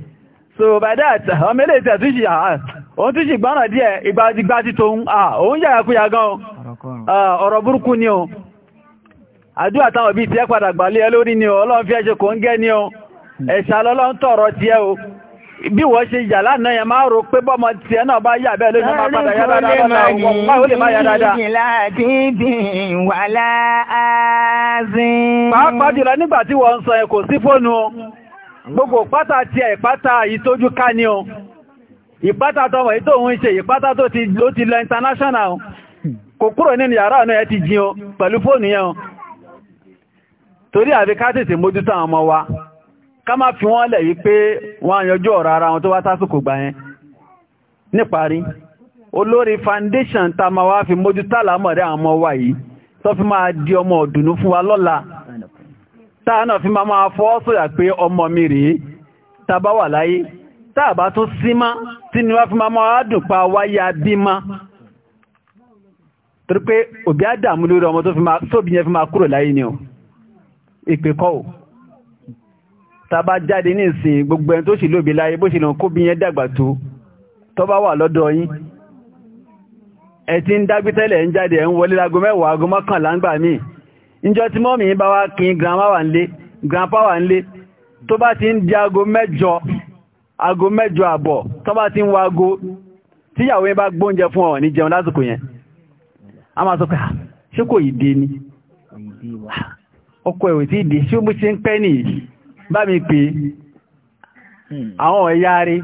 so by that ọmọ ilé ìtẹ̀ tún ṣe àà ah, òun ti ṣe gbọ́nà díẹ̀ ìgbà ti tó ah, gan ah, ni o àdúrà táwọn bí ti pada padà gbàlẹ́ lórí ni o ọlọ́run fi ẹ́ṣe ko n gẹ́ ni o ẹ̀ṣà lọ́lọ́run tọ̀rọ̀ ti ẹ́ o bí wọ́n ṣe ya gbogbo pátá tí ẹ̀ pátá ìtójú ká ní o ìpátá tọmọ̀ ètò òun ṣe ìpátá tó ti ló ti lọ international kò kúrò nínú yàrá ọ̀nà ẹ ti jí o pẹ̀lú fóònù yẹn o torí àfi ká tètè mójútó àwọn ọmọ wa ká má fi wọ́n lẹ̀ yí pé wọ́n àyànjú ọ̀rọ̀ ara wọn tó wá tásìkò gbà yẹn níparí olórí foundation tá máa wá fi mójútó àlámọ̀rẹ́ àwọn ọmọ wa yìí tó fi máa di ọmọ ọ̀dùnú fún wa lọ́la táànà fi máa máa fọ́ sọ̀yà pé ọmọ mi rèé tàbá wà láyé tàbá tó símá tí ni wá fi máa máa dùn pa wáyà bímá torí pé òbí àdàmú lórí ọmọ tóbi yẹn fi máa kúrò láyé ni o ìpè kọ́ ò tàbá jáde ní ìsìn gbogbo ẹni tó sì lóbi láyé bó ṣe lọ kó bí yẹn dàgbà tó tó bá wà lọ́dọ̀ yín ẹ ti ń dágbé tẹ́lẹ̀ ń jáde ẹ̀ ń wọlé lágo mẹ́wàá ago mọ́kànlá ń gbà míì ìjọ tí mọ́mí bá wá kí grandma wà nílé grandpa wà nílé tó bá ti ń di aago mẹ́jọ aago mẹ́jọ àbọ̀ tó bá ti ń wa aago tíyàwó yẹn bá gbóúnjẹ fún ọ ní jẹun lásìkò yẹn a máa sọ pé kò yìí ni ọkọ ẹ̀wẹ̀ tí ìdí ṣé mo ṣe ń pẹ́ nìyí bá mi pè é àwọn ẹ̀yà rí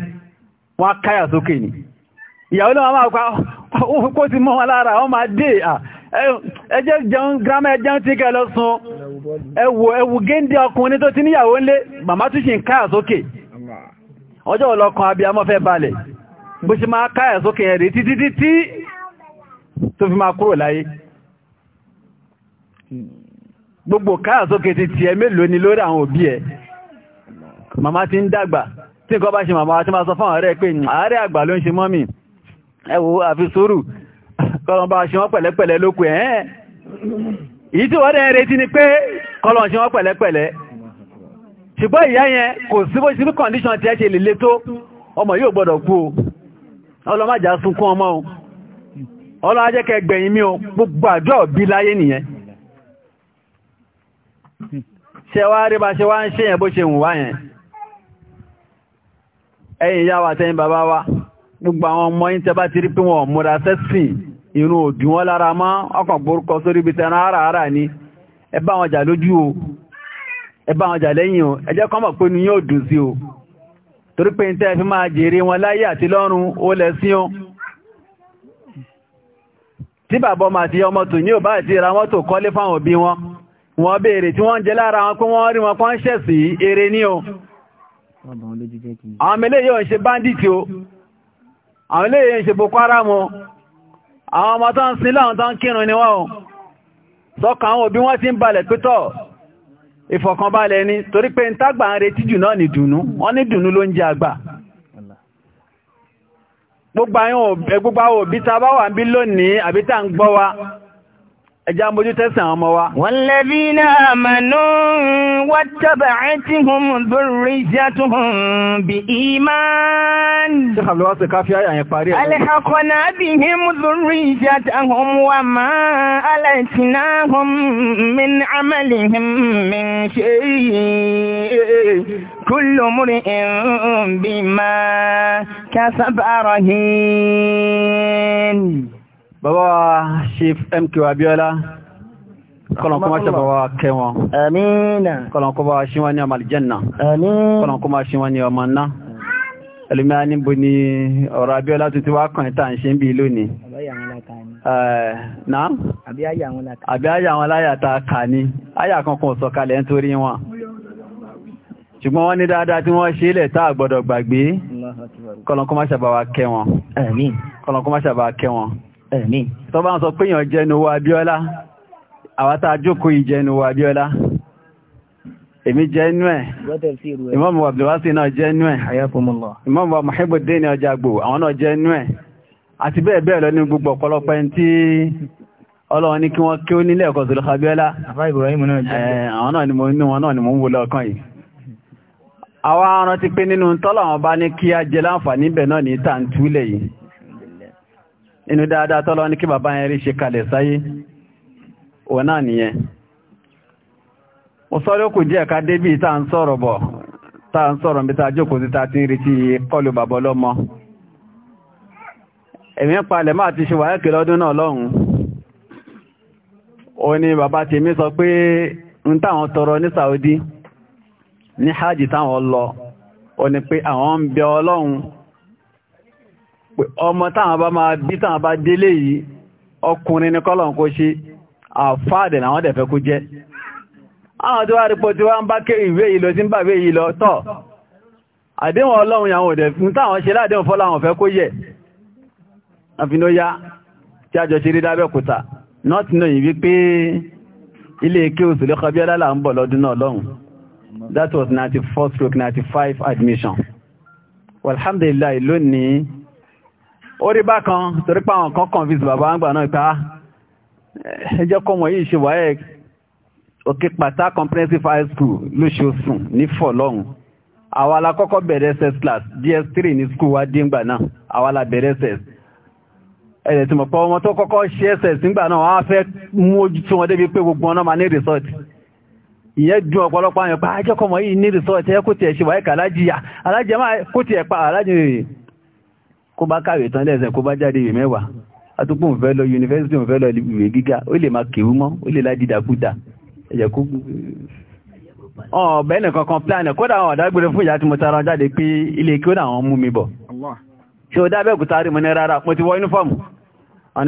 wọ́n á káyà sókè ni ìyàwó náà máa kó ti mọ́ lára wọ́n máa dé à ẹjẹ́ jẹun gírámà ẹjẹun tí kẹ lọ sun ẹwù ẹwù géńdé ọkùnrin tó ti níyàwó ńlé màmá tún ṣe ń káyà sókè ọjọ́ ọlọ́kan abiyamọ fẹ́ balẹ̀ bó ṣe máa káyà sókè yẹn rí títí títí tó fi máa kúrò láyé gbogbo káyà sókè ti tiẹ̀ mélòó ni lórí àwọn òbí ẹ̀ màmá ti ń dàgbà tí nǹkan bá ṣe màmá wa ti máa sọ fún ààrẹ pé ààrẹ àgbà ló kọ́lọ̀n bá ṣe wọ́n pẹ̀lẹ́pẹ̀lẹ́ lókù ẹ̀ yìí tí wọ́n dẹ̀ retí ni pé kọ́lọ̀n ṣe wọ́n pẹ̀lẹ́pẹ̀lẹ́ ṣùgbọ́n ìyá yẹn kò síbó sí kọ̀ndíṣọ̀n tí ẹ ṣe lè le tó ọmọ yóò gbọ́dọ̀ kú o ọlọ́májá sunkún o ọlọ́májẹ́kẹ́ gbẹ̀yìn mi o gbogbo àjọ bí láyé nìyẹn ṣe wá rí bá ṣe wá ń ṣe yẹn bó ṣe wù wá yẹn ẹ̀yin ìyá wa tẹ́yìn bàbá wa gbogbo àwọn ọmọ yín tẹ́ bá ti rí pé wọn múra sẹ́sìn inú òbí wọn lára mọ́ ọkàn gbórúkọ sórí ibi tẹran ara ara ni ẹ bá wọn jà lójú o ẹ bá wọn jà lẹ́yìn o ẹ jẹ́ kọ́ mọ̀ pé ní yóò dùn sí o torí pé tẹ́ fi máa jèrè wọn láyé àti lọ́run ó lẹ sí o tí bàbá ọmọ àti ọmọ tò ní òbá àti ìra wọn kọ́lé fáwọn òbí wọn wọ́n béèrè tí wọ́n jẹ lára wọn pé wọ́n rí wọn kọ́ ń ṣẹ̀sì eré ní o àwọn eléyìí ò ń ṣe bandit o àwọn eléyìí ò ń ṣe Boko àwọn ọmọ tán sí láwọn tán kírun ni wọ́n sọ́kàn àwọn òbí wọ́n ti ń balẹ̀ pẹ́tọ̀ ìfọ̀kànbalẹ̀ ni torí pé ń tágbà ń retí jù náà ní dùnú wọ́n ní dùnú ló ń jẹ àgbà gbogbo àwọn òbí ta ń bí lónìí àbí ń gbọ́ wa ẹjá mojú tẹ́sàn àwọn ọmọ wa. Wallazina amanu wattaba'athum dhurriyyatuhum bi iman. Ṣé àlọ́ wá sí ká fi àyà yẹn parí ẹ̀? Alhaqna bihim dhurriyyatahum bàbá wa chief mk abiola kọlọ̀kọ́ máa ṣàbà wa àmìnà kọlọ̀kọ́ bá wá ní ọmọ alìjẹ́nà kọlọ̀kọ́ máa wá ní ọmọ náà ẹlùmíà níbo ni ọ̀rọ̀ abiola tuntun wá kàn ìta ń ṣe ń bí lónìí àbí àyà àwọn ní àyà wọn ṣùgbọ́n ẹ̀mí tó bá ń sọ péyàn jẹnuwa Abíọ́lá àwátá àjókò ìjẹnuwa Abíọ́lá èmi jẹ́nú ẹ̀ Imam Abdulwasi náà jẹ́nú ẹ̀ Imam Muhibbuddin Ọjàgbò àwọn náà jẹ́nú ẹ̀ àti bẹ́ẹ̀ bẹ́ẹ̀ lọ ní gbogbo ọ̀pọ̀lọpọ̀ ẹni tí Ọlọ́run ní kí wọ́n kí ó nílẹ̀ ẹ̀kọ́ Zulukha Abíọ́lá àwọn náà ni mo ń wo lọ́kàn yìí àwọn arántí pé nínú tọ́lọ̀ àwọn bá ní kí á jẹ láǹfà níbẹ̀ náà ní tàǹtúlẹ̀ yìí inú dáadáa tọ́lọ́ ní kí bàbá yẹn rí ṣe kalẹ̀ sáyé òun náà nìyẹn mo sọ́rọ́ kò jẹ́ ẹ̀ka débì tá à ń sọ̀rọ̀ bọ̀ tá à ń sọ̀rọ̀ bí tá jókòó sí ta ti ń retí kọlù bàbá ọlọ́mọ èmi ń palẹ̀ máa ti ṣe wáyẹ́kì lọ́dún náà lọ́hùn ó ní bàbá tèmi sọ pé ń táwọn tọrọ ní Saudi ní hajj táwọn lọ ó ní pé àwọn ń bẹ Ọlọ́run ọmọ táwọn bá máa bí táwọn bá délé yìí ọkùnrin ní kọ́lọ̀ kó ṣe àfáàdẹ̀ làwọn dẹ̀ kó jẹ́ àwọn tó wá rí tí wá ń bá ké ìwé yìí lọ sí ń bàwé yìí lọ tọ́ àdéhùn ọlọ́run yàwọn òdẹ̀ fún táwọn ṣe that was 94 stroke 95 admission alhamdulillah lónìí orí bá kan torí pé àwọn kan kàn fi bàbá ń gbà náà ká ah, ẹjọ́ kọ́ wọ́n yìí ṣe wáyé òkè pàtà comprehensive high school lóṣooṣù ní fọlọ́hún àwa la kọ́kọ́ bẹ̀rẹ̀ ss class ds3 ní school wa dé ńgbà náà àwa la bẹ̀rẹ̀ ss ẹ̀rẹ̀ tí mo pọ̀ ọmọ tó kọ́kọ́ ṣe ss ńgbà náà wọ́n á fẹ́ mú ojú tí wọ́n débi pé gbogbo ọ̀nà máa ní resort ìyẹn dùn ọ̀pọ̀lọpọ̀ àyànpá ajẹ́kọ̀ọ́mọ ah, yìí ní resort ẹ kó tiẹ̀ ṣe wáyé kà alájìyà alájìyà máa kó tiẹ̀ pa alájìyà kó bá kàwé tán lẹ́sẹ̀ kó bá jáde ìwé mẹ́wàá àtúpò ń fẹ́ lọ yunifásitì ń fẹ́ lọ ìwé gíga ó lè máa kéwú mọ́ ó lè ládìdàkúdà ẹ̀jẹ̀ kó ọ̀bẹ́ nìkan kan pláàni kódà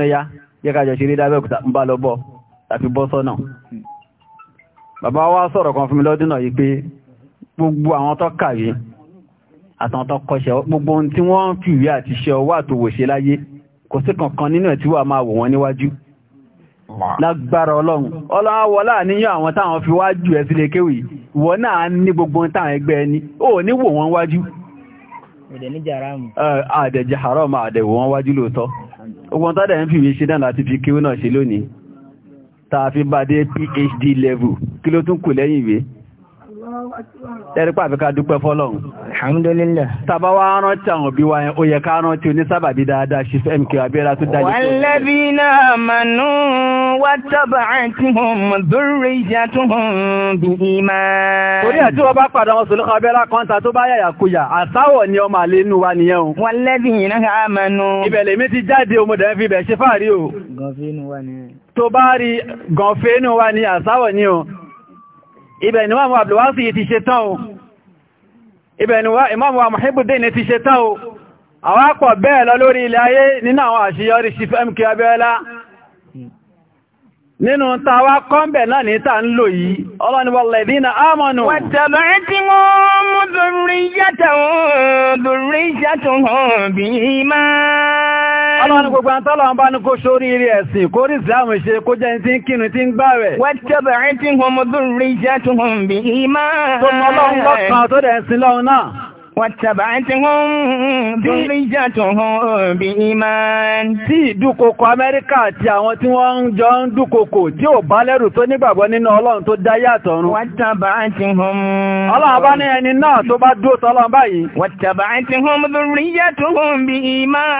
ya yẹ ká jọ ṣe rí dábẹ́kúta ń bá lọ bọ́ tàbí bọ́ sọ́nà bàbá wa sọ̀rọ̀ kan fún mi gbogbo àwọn tó kàwé àtàntọ́ kọṣẹ́ gbogbo ohun tí wọ́n ń fi ìwé àti iṣẹ́ ọwọ́ àtòwòṣe láyé kò sí kankan nínú ẹ̀ tí wà máa wò wọ́n níwájú lágbára ọlọ́run ọlọ́run wọlá níyàn àwọn táwọn fi wájú ẹ̀ sílé kéwì wọ́n náà ní gbogbo táwọn ẹgbẹ́ ẹni ó ní wò wọ́n wájú àdẹ̀jẹ̀ haram àdẹ̀wò wọ́n wájú lóòótọ́ ogun tọ́dẹ̀ ń fi ìwé ṣe náà láti fi kéwì náà ṣe lónìí tàà fi bá dé PhD level kí ló tún kù lẹ́yìn ìwé ẹ̀rí pàfikà dúpẹ́ fọ́lọ́run alhamdulillah. tàbá wa rántí àwọn wa yẹn ó yẹ ká rántí onísábàbí dáadáa ṣe fẹ́ mk abẹ́rẹ́ tó dájú. walladhina amanu wattaba'athum dhurriyyatuhum bi iman. torí àti wọn bá padà wọn sọlọ́kọ̀ abẹ́rẹ́ kọ́ńtà tó bá yàyà kuyà àsáwọ̀ ni ọmọ àlẹ́ inú wa nìyẹn o. walladhina amanu. ìbẹ̀lẹ̀ mi ti jáde ọmọdé fi bẹ̀ ṣe fáàrí o. tó inú wa ni àsáwọ̀ ni o. ibẹ̀ ni wọ́n mú àbúrò wá sí ti ṣe ibẹ̀ ni wá Imam wa Muhibbuddin ti ṣe tán o àwọn àpọ̀ bẹ́ẹ̀ lọ lórí ilẹ̀ ayé nínú àwọn àṣeyọrí sí MK Abíọ́lá nínú ta wá kọ́m̀bẹ̀ náà ní ta ń lò yìí ọlọ́niwọ̀lẹ̀dínà ọlọ́run gbogbo àtọ́lọ́run bá ní kó sórí ilé ẹ̀sìn kó rí ìsìláàmù ṣe kó jẹ́ tí ń kírun tí ń gbà rẹ̀. wọ́n tí wọ́n mọ́ Wàtàbàtíhún dúríjàtùhún bí ìmán. Tí ìdúkokò Amẹ́ríkà àti àwọn tí wọ́n ń jọ ń dúkokò tí ò bá lẹ́rù tó nígbàgbọ́ nínú Ọlọ́run tó dá yàtọ̀run. Wàtàbàtíhún. Ọlọ́run bá ní ẹni náà tó bá dúró tọ́lọ́run báyìí. Wàtàbàtíhún dúríjàtùhún bí ìmán.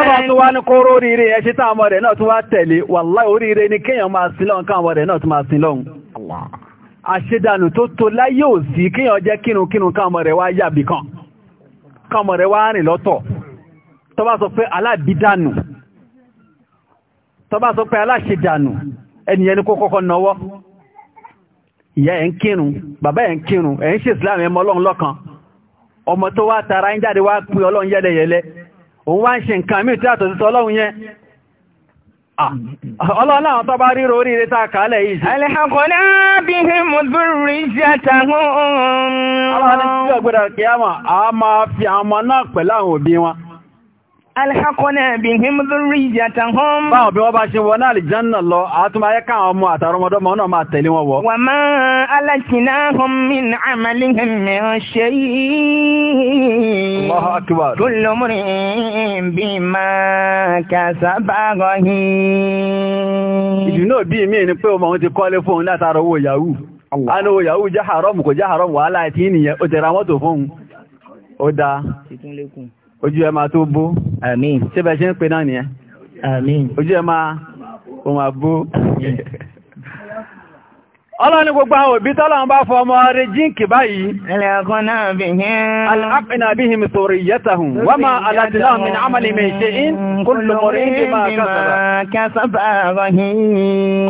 Ọlọ́run tó wá ní kóró oríire ẹ̀ ṣe táwọn ọmọ rẹ̀ náà tó wá tẹ̀lé. Wàlá ni kéèyàn máa sin lọ́hun káwọn Allah àṣedànù tó tó láyé ò sí kíyàn jẹ́ kírunkírun káàmọ̀ rẹ̀ wá yàbì kan káàmọ̀ rẹ̀ wá rìn lọ́tọ̀ tó bá sọ pé alábìdànù tó bá sọ pé aláṣedànù ẹniyẹn ní kó kọ́kọ́ náwọ́ ìyá ẹ̀ ń kírun bàbá ẹ̀ ń kírun ẹ̀ ń ṣe ẹmọ ọlọ́run lọ́kan Ọlọ́lá àwọn tọba ríro oríire tá kàálẹ̀ yìí ṣe. Alẹ́hàkọ́lá bí i mọ̀bírí sí àtàkùn. Ọlọ́lá ní tí ọgbẹ̀rẹ̀ kìí àmà, a máa fi àmà náà pẹ̀lú àwọn òbí wọn. alhakọ́nà bí i mọ́dúnrí ìjàta hàn. Báwọn bí wọ́n bá ṣe wọ́n náà lè jẹ́nà lọ, àátúnmà ayé káwọn ọmọ àtàrọmọdọ́mọ ọ máa tẹ̀lé wọn wọ. Wà máa alákìná hàn mí ní Allahu akbar. Tó lọ́mùrí bí máa mi ni ti Yahoo. Àná owó Yahoo jẹ́ haram kò jẹ́ haram wàhálà ojú ẹ máa tó bó àmín ṣé bẹ́ẹ̀ ṣe ń pe náà nìyẹn àmín ojú ẹ máa ó máa bó àmín (laughs) ọlọ́ni gbogbo àwọn òbí tọ́lọ́run bá fọ ọmọ rẹ jíǹkì báyìí ẹlẹ́ọ̀kan náà bí i aláàpínà bí i mìtòrì yẹ́tàhùn wọ́n máa aláàtìláà mi àmàlì mi ṣe in kúlùmọ̀rí ní máa kásàbà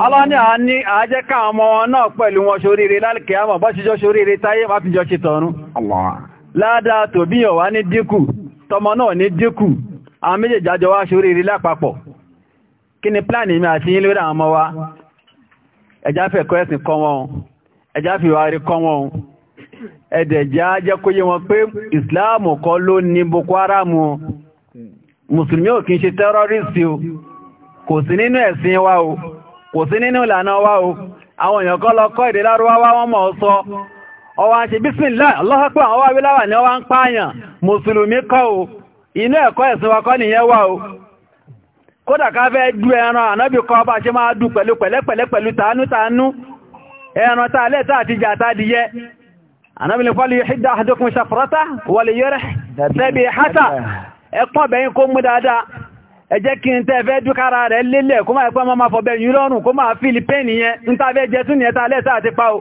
ọlọ́ni àní àájẹ́ká ọmọ tọmọ náà ní dínkù àwọn méjèèjì wá ṣorí rí lápapọ̀ kí ni pláàni mi àti yín lórí àwọn ọmọ wa ẹjá fẹ́ kọ́ ẹ̀sìn kọ́ wọn ẹjá fi wá rí kọ́ wọn ẹ̀dẹ̀já jẹ́ kó yé wọn pé ìsìláàmù kọ́ ló ní Boko Haram mùsùlùmí ò kí ń ṣe tẹ́rọ́rìsì o kò sí nínú ẹ̀sìn wa o kò sí nínú ìlànà wa o àwọn èèyàn kọ́ lọ kọ́ èdè wọn mọ̀ ọ́ sọ ọwá ṣe bísmìlá lọ́sọ́pẹ́ àwọn awíláwà ní ọwá ń pààyàn mùsùlùmí kọ́ o inú ẹ̀kọ́ ẹ̀sìn wakọ́ nìyẹn wà o kódàká fẹ́ ẹran ànábì kọ́ bá ṣe máa dù pẹ̀lú pẹ̀lú tánútánú kí n tẹ́ fẹ́ dúkára rẹ̀ lélẹ̀ kó máa máa lọ́rùn kó máa ń tún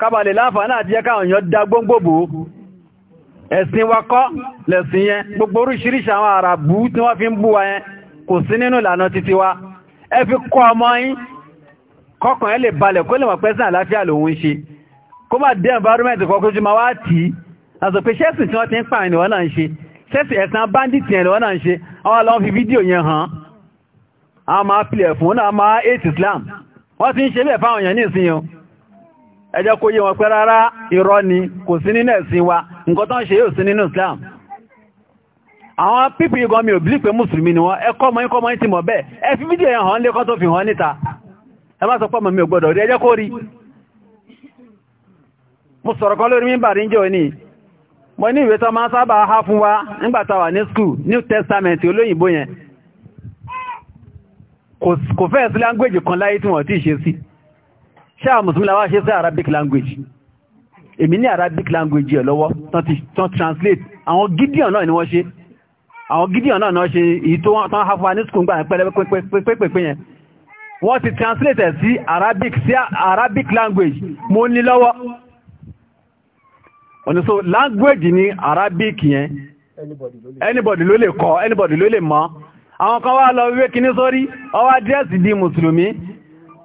kábàlè láàfàánà àti jẹ́ káwọn èèyàn dá gbóngbòbò ẹ̀sìn wakọ́ lẹ̀sìn yẹn gbogbo oríṣiríṣi àwọn àrà bú tí wọ́n fi ń bú wa yẹn kò sí nínú ìlànà títí wa ẹ fi kọ́ ọmọ yín kọ́kàn ẹ lè balẹ̀ kó lè mọ̀ pẹ́sìn àláfíà lòun ṣe kó má dé environment kọ́kọ́ jù máa wá tì í àzọ̀ pé ṣẹ́sìn tí wọ́n ti ń pààyàn ìwọ́n náà ń ṣe ṣẹ́sìn ẹ̀sán báńdìtì ẹ̀ lọ́wọ́ náà ń ṣe àwọn ọlọ́wọ́ fi fídíò yẹn hàn án máa pìlẹ̀ fún náà máa 8 Islam wọ́n ti ń ṣe bẹ́ẹ̀ fáwọn èèyàn ní ìsinyìí ẹ jẹ́ kó yé wọn rárá irọ́ ni kò sí nínú ẹ̀sìn wa nǹkan tán ṣe yóò sí nínú Islam àwọn pípì igan mi ò bí pé mùsùlùmí ni wọ́n ẹkọ́ mọ́ mọ́ ti mọ̀ bẹ́ẹ̀ ẹ fi fídíò yẹn hàn lékọ́ tó fi hàn níta ẹ má sọ pé mọ̀ mi ò gbọ́dọ̀ rí ẹ kó rí mo sọ̀rọ̀ kan lórí mímbà rí jẹ́ òní mo ní ìwé tó máa sábà há fún wa nígbà tá wà ní kan láyé tí wọ́n ti ṣe ṣáà mùsùlùmí làwọn ṣe sí arabic language èmi ní arabic language ẹ̀ lọ́wọ́ tán translate àwọn gideon náà ni wọ́n ṣe àwọn gideon náà náà ṣe èyí tó wọ́n tán hafa ní skùn gbà pẹ́lẹ́pẹ́pẹ́pẹ́ yẹn wọ́n ti translate ẹ̀ sí arabic sí arabic language mo ní lọ́wọ́ ọ̀nà so language ni arabic yẹn anybody ló lè kọ́ anybody ló lè mọ̀ àwọn kan wá lọ wé kíní sórí ọwá dírẹ́sì di mùsùlùmí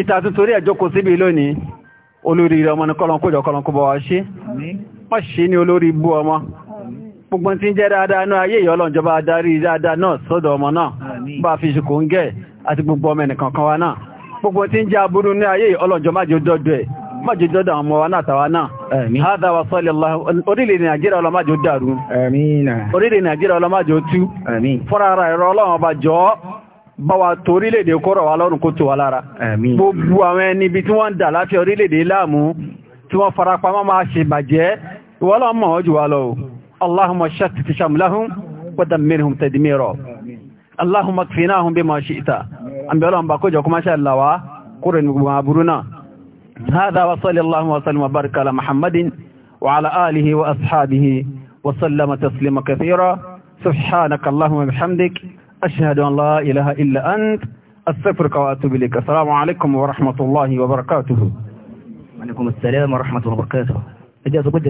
ìtàtún torí ẹ̀jọ́kò síbi lónìí olórí ọmọ ní kọlọ̀kójọ kọlọ̀kóbọ̀ wá ṣe wọ́n ṣe ní olórí bú ọmọ gbogbo tí ń jẹ́ dáadáa náà ayé ìyọ́lọ́njọba adarí dáadáa náà sọ́dọ̀ ọmọ náà bá fi ṣùkò ń gẹ̀ àti gbogbo ọmọ ẹnìkan kan wa náà gbogbo tí ń jẹ́ aburú ní ayé ìyọ́lọ́njọ májò dọ́dọ̀ sallallahu orílẹ̀-èdè nàìjíríà ọlọ́májò dàrú orílẹ̀-èdè nàìjíríà ọlọ́májò tú fọ́nra ara ẹ̀rọ ọlọ́run báwa tó orílẹ̀-èdè kọ́rọ̀ wa lọ́rùn kó tó wa lára gbogbo àwọn ẹni bí tí wọ́n ń dà láti orílẹ̀-èdè láàmú tí wọ́n farapa máa máa ṣe bàjẹ́ ìwọ́lọ́ mọ̀ ọ́ jù wa lọ Allahumma shattit shamlahum wa dammirhum tadmira Allahumma kfinahum bima shi'ta àmì ọlọ́run bá kójọ kúmáṣẹ́ àlàwà kúrò ní gbogbo àbúrú أشهد أن لا إله إلا أنت أستغفرك وأتوب إليك السلام عليكم ورحمة الله وبركاته وعليكم السلام ورحمة الله وبركاته